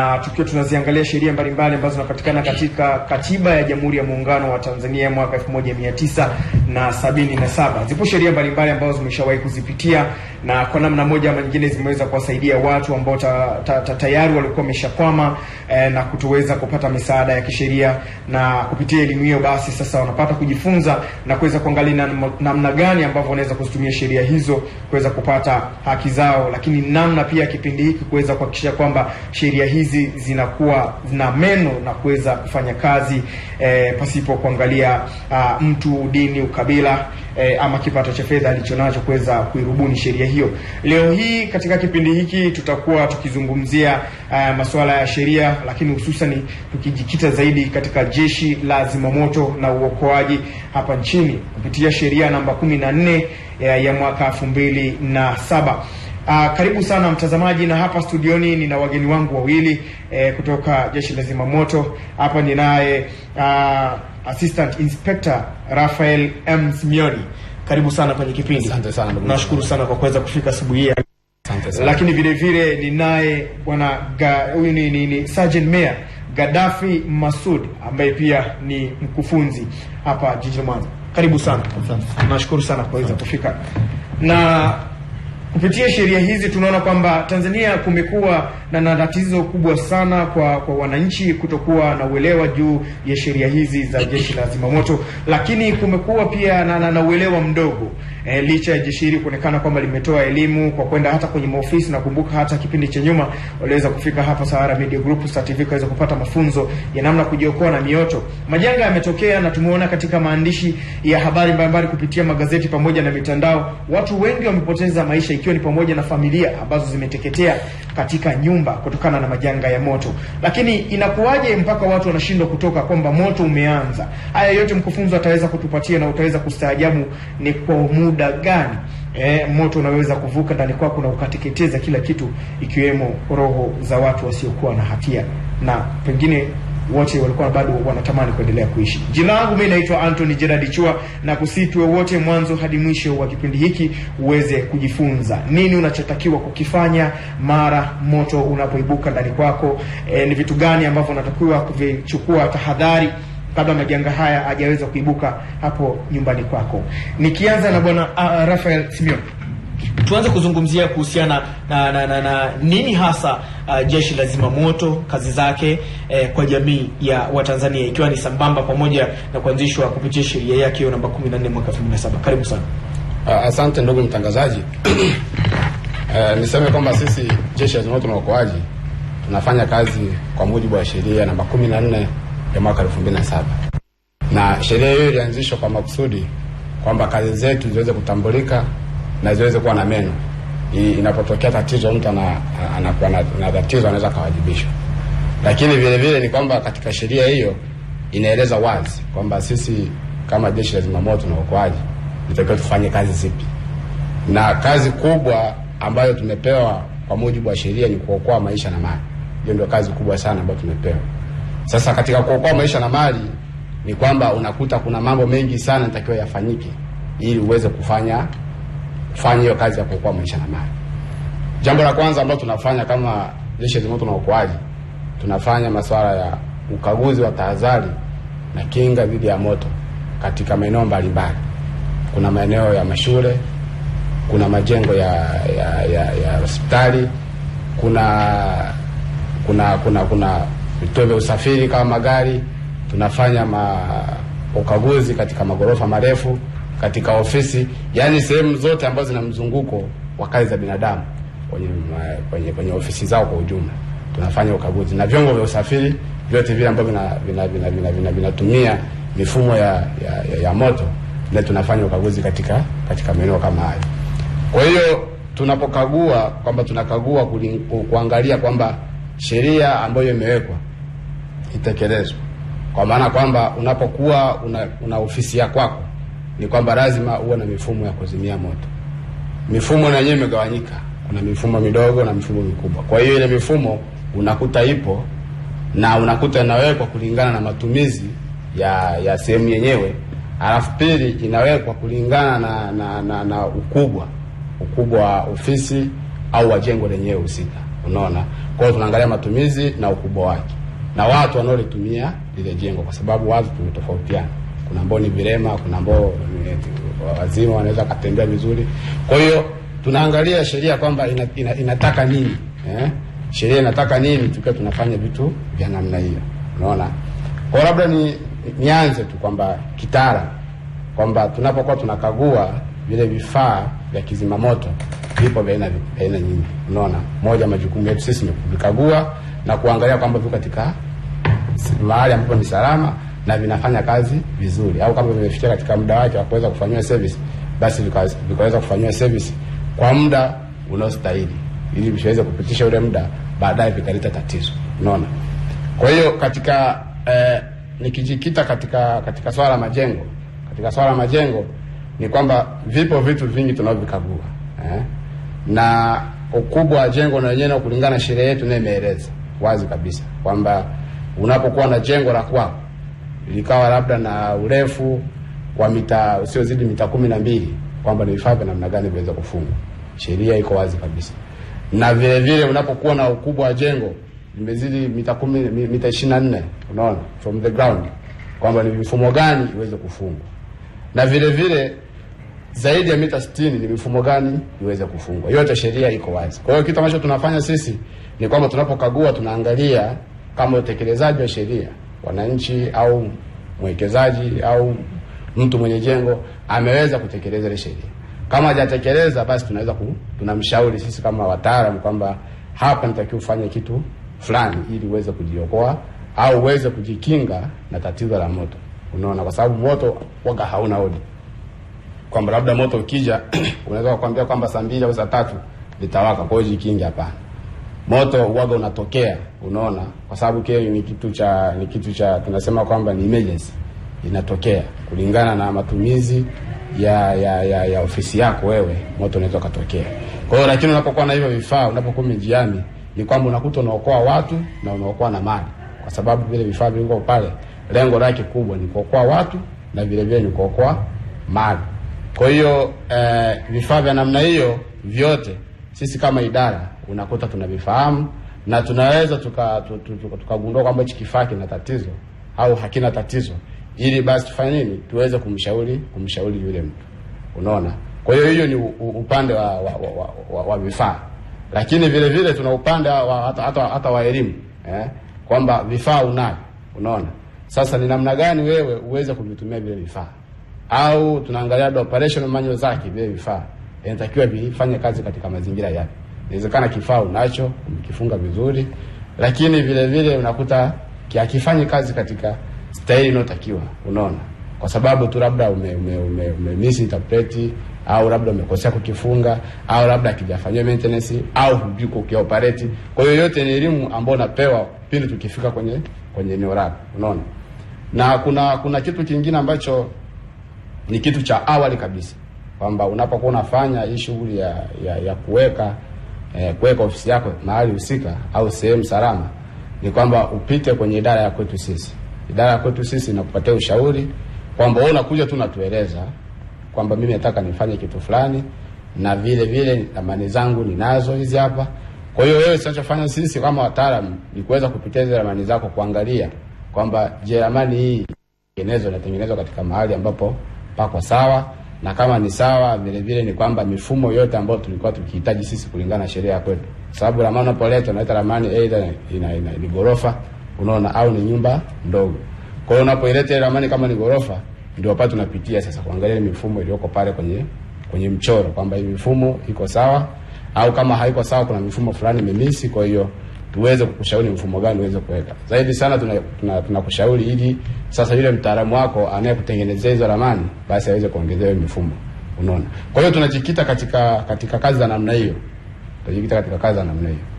Uh, tukiwa tunaziangalia sheria mbalimbali ambazo zinapatikana katika Katiba ya Jamhuri ya Muungano wa Tanzania mwaka 1977. Zipo sheria mbalimbali ambazo zimeshawahi kuzipitia na kwa namna moja ama nyingine zimeweza kuwasaidia watu ambao ta, ta, ta, tayari walikuwa wameshakwama eh, na kutoweza kupata misaada ya kisheria, na kupitia elimu hiyo basi sasa wanapata kujifunza na kuweza kuangalia namna gani ambavyo wanaweza kuzitumia sheria hizo kuweza kupata haki zao, lakini namna pia kipindi hiki kuweza kuhakikisha kwamba sheria hizi hizi zinakuwa na meno na kuweza kufanya kazi e, pasipo kuangalia a, ah, mtu, dini, ukabila e, ama kipato cha fedha alichonacho kuweza kuirubuni sheria hiyo. Leo hii katika kipindi hiki tutakuwa tukizungumzia eh, masuala ya sheria, lakini hususan tukijikita zaidi katika jeshi la zimamoto na uokoaji hapa nchini kupitia sheria namba 14 ya, ya mwaka 2007. Uh, karibu sana mtazamaji, na hapa studioni nina wageni wangu wawili eh, kutoka jeshi la zimamoto. Hapa ninaye uh, Assistant Inspector Rafael M Simioni, karibu sana kwenye kipindi. Asante sana ndugu, nashukuru sana kwa kuweza kufika asubuhi ya lakini vile vile ninaye bwana huyu ni, ni, ni Sergeant Mayor Gaddafi Masud ambaye pia ni mkufunzi hapa jijini Mwanza. Karibu sana, Asante. nashukuru sana kwa kuweza kufika na Kupitia sheria hizi tunaona kwamba Tanzania kumekuwa na na tatizo kubwa sana kwa, kwa wananchi kutokuwa na uelewa juu ya sheria hizi za jeshi la zimamoto, lakini kumekuwa pia na, na, na uelewa mdogo e, licha ya jeshi hili kuonekana kwamba limetoa elimu kwa kwenda hata kwenye maofisi. Nakumbuka hata kipindi cha nyuma waliweza kufika hapa Sahara Media Group Star TV kaweza kupata mafunzo ya namna kujiokoa na mioto. Majanga yametokea na tumeona katika maandishi ya habari mbalimbali kupitia magazeti pamoja na mitandao, watu wengi wamepoteza maisha, ikiwa ni pamoja na familia ambazo zimeteketea katika nyumba nyumba kutokana na majanga ya moto. Lakini inakuwaje mpaka watu wanashindwa kutoka kwamba moto umeanza? Haya yote mkufunzi ataweza kutupatia na utaweza kustaajabu ni kwa muda gani eh, moto unaweza kuvuka ndani kwako na ukateketeza kila kitu, ikiwemo roho za watu wasiokuwa na hatia na pengine wote walikuwa bado wanatamani kuendelea kuishi. Jina langu mimi naitwa Anthony Gerard Chua, na kusitwe wote mwanzo hadi mwisho wa kipindi hiki uweze kujifunza nini unachotakiwa kukifanya mara moto unapoibuka ndani kwako. E, ni vitu gani ambavyo unatakiwa kuvichukua tahadhari kabla majanga haya hajaweza kuibuka hapo nyumbani kwako. Nikianza na bwana uh, Rafael Simion tuanze kuzungumzia kuhusiana na, na, na, na nini hasa uh, jeshi la zimamoto kazi zake eh, kwa jamii ya Watanzania ikiwa ni sambamba pamoja na kuanzishwa kupitia sheria yake hiyo namba 14 mwaka 2007. Karibu sana. uh, Asante ndugu mtangazaji. Uh, niseme kwamba sisi jeshi la zimamoto na uokoaji tunafanya kazi kwa mujibu wa sheria namba 14 ya mwaka 2007, na sheria hiyo ilianzishwa kwa makusudi kwamba kazi zetu ziweze kutambulika na ziweze kuwa na meno. Inapotokea tatizo, mtu anakuwa na tatizo, anaweza akawajibishwa. Lakini vile vile ni kwamba katika sheria hiyo inaeleza wazi kwamba sisi kama jeshi la zimamoto na uokoaji nitakiwa tufanye kazi zipi, na kazi kubwa ambayo tumepewa kwa mujibu wa sheria ni kuokoa maisha na mali. Hiyo ndio kazi kubwa sana ambayo tumepewa. Sasa katika kuokoa maisha na mali ni kwamba unakuta kuna mambo mengi sana nitakiwa yafanyike ili uweze kufanya kufanya hiyo kazi ya kuokoa maisha na mali. Jambo la kwanza ambalo tunafanya kama jeshi la zimamoto na uokoaji, tunafanya masuala ya ukaguzi wa tahadhari na kinga dhidi ya moto katika maeneo mbalimbali. Kuna maeneo ya mashule, kuna majengo ya ya, ya, ya hospitali, kuna kuna kuna kuna vituo vya usafiri kama magari. Tunafanya ma, ukaguzi katika magorofa marefu katika ofisi, yani sehemu zote ambazo zina mzunguko wa kazi za binadamu kwenye, kwenye, kwenye ofisi zao kwa ujumla. Tunafanya ukaguzi na vyombo vya usafiri vyote vile ambavyo vinatumia vina, vina, vina, vina, vina mifumo ya, ya, ya moto na tunafanya ukaguzi katika katika maeneo kama hayo. Kwa hiyo tunapokagua kwamba tunakagua kuangalia kwamba sheria ambayo imewekwa itekelezwe, kwa maana kwamba unapokuwa una, una ofisi ya kwako ni kwamba lazima uwe na mifumo ya kuzimia moto. Mifumo na yenyewe imegawanyika, kuna mifumo midogo na mifumo mikubwa. Kwa hiyo ile mifumo unakuta ipo na unakuta inawekwa kulingana na matumizi ya ya sehemu yenyewe, alafu pili inawekwa kulingana na, na, na, na ukubwa ukubwa wa ofisi au wa jengo lenyewe husika. Unaona, kwa hiyo tunaangalia matumizi na ukubwa wake na watu wanaolitumia lile jengo, kwa sababu watu tumetofautiana kuna ambao ni vilema, kuna ambao wazima wanaweza wakatembea vizuri. Kwa hiyo tunaangalia sheria kwamba ina, ina, inataka nini eh? Sheria inataka nini tukiwa tunafanya vitu vya namna hiyo, unaona. Kwa labda ni nianze tu kwamba kitara kwamba tunapokuwa tunakagua vile vifaa vya kizima moto vipo vya aina nyingi, unaona. Moja majukumu yetu sisi ni kuvikagua na kuangalia kwamba viko katika mahali ambapo ni salama na vinafanya kazi vizuri, au kama vimefikia katika muda wake wa kuweza kufanyiwa service, basi vikaweza kufanyiwa service kwa muda unaostahili, ili visiweze kupitisha ule muda baadaye vikaleta tatizo. Unaona, kwa hiyo katika eh, nikijikita katika katika swala la majengo, katika swala la majengo ni kwamba vipo vitu vingi tunavyokagua eh? na ukubwa wa jengo na wenyewe kulingana na sheria yetu nayo imeeleza wazi kabisa kwamba unapokuwa na jengo la kwako likawa labda na urefu wa mita usiozidi mita kumi na mbili kwamba ni vifaa vya namna gani vinaweza kufungwa. Sheria iko wazi kabisa, na vile vile unapokuwa na ukubwa wa jengo limezidi mita kumi, mita ishirini na nne unaona from the ground kwamba ni mfumo gani iweze kufungwa, na vile vile zaidi ya mita 60 ni mifumo gani iweze kufungwa. Yote sheria iko wazi. Kwa hiyo kitu ambacho tunafanya sisi ni kwamba tunapokagua tunaangalia kama utekelezaji wa sheria wananchi au mwekezaji au mtu mwenye jengo ameweza kutekeleza ile sheria. Kama hajatekeleza basi, tunaweza tunamshauri sisi kama wataalamu kwamba hapa nitakiwa ufanye kitu fulani ili uweze kujiokoa au uweze kujikinga na tatizo la moto. Unaona, kwa sababu moto waga hauna hodi, kwamba labda moto ukija unaweza kukwambia kwamba saa mbili au saa tatu litawaka, kwa hiyo jikinge. Hapana moto huaga unatokea, unaona, kwa sababu kile ni kitu cha ni kitu cha tunasema kwamba ni emergency inatokea kulingana na matumizi ya ya, ya, ya ofisi yako wewe, moto unaweza ukatokea. Kwa hiyo lakini unapokuwa na hivyo vifaa, unapokuwa njiani, ni kwamba unakuta unaokoa watu na unaokoa na mali, kwa sababu vile vifaa vilivyo pale, lengo lake kubwa ni kuokoa watu na vile vile ni kuokoa mali. Kwa hiyo eh, vifaa vya namna hiyo vyote sisi kama idara unakuta tunavifahamu na tunaweza tukagundua tuka, tuka, tuka kwamba hichi kifaa kina tatizo au hakina tatizo, ili basi tufanye nini, tuweze kumshauri kumshauri yule mtu, unaona. Kwa hiyo hiyo ni upande wa wa, wa, wa, wa vifaa, lakini vile vile tuna upande wa, hata, hata, hata wa elimu eh, kwamba vifaa unayo, unaona. Sasa ni namna gani wewe uweze kuvitumia vile vifaa, au tunaangalia operational manual zake vile vifaa inatakiwa vifanye kazi katika mazingira yapi. Inawezekana kifaa unacho umekifunga vizuri, lakini vile vile unakuta hakifanyi kazi katika staili inayotakiwa, unaona, kwa sababu tu labda ume, ume, ume, ume misinterpret au labda umekosea kukifunga au labda hakijafanyiwa maintenance au hujui kukioperate. Kwa hiyo yote ni elimu ambayo unapewa pindi tukifika kwenye kwenye eneo lako, unaona. Na kuna kuna kitu kingine ambacho ni kitu cha awali kabisa kwamba unapokuwa unafanya hii shughuli ya, ya, ya kuweka eh, kuweka ofisi yako mahali husika au sehemu salama, ni kwamba upite kwenye idara ya kwetu sisi. Idara ya kwetu sisi inakupatia ushauri kwamba wewe unakuja tu natueleza kwamba mimi nataka nifanye kitu fulani, na vile vile ramani zangu ninazo hizi hapa. Kwa hiyo wewe, tunachofanya sisi kama wataalamu ni kuweza kupitia hizo ramani zako, kuangalia kwamba je, ramani hii inatengenezwa inatengenezwa katika mahali ambapo pako sawa na kama ni sawa, vile vile ni kwamba mifumo yote ambayo tulikuwa tukihitaji sisi kulingana na sheria ya kwetu, sababu ramani unapoleta unaleta ramani either ina, ina, ni gorofa unaona, au ni nyumba ndogo. Kwa hiyo unapoileta ile ramani kama ni gorofa, ndio hapa tunapitia sasa kuangalia mifumo iliyoko pale kwenye kwenye mchoro kwamba hii mifumo iko sawa, au kama haiko sawa, kuna mifumo fulani imemisi, kwa hiyo tuweze kukushauri mfumo gani uweze kuweka. Zaidi sana tunakushauri tuna, tuna ili sasa yule mtaalamu wako anayekutengenezea hizo ramani basi aweze kuongezea mifumo. Unaona, kwa hiyo tunajikita katika katika kazi za namna hiyo, tunajikita katika kazi za namna hiyo.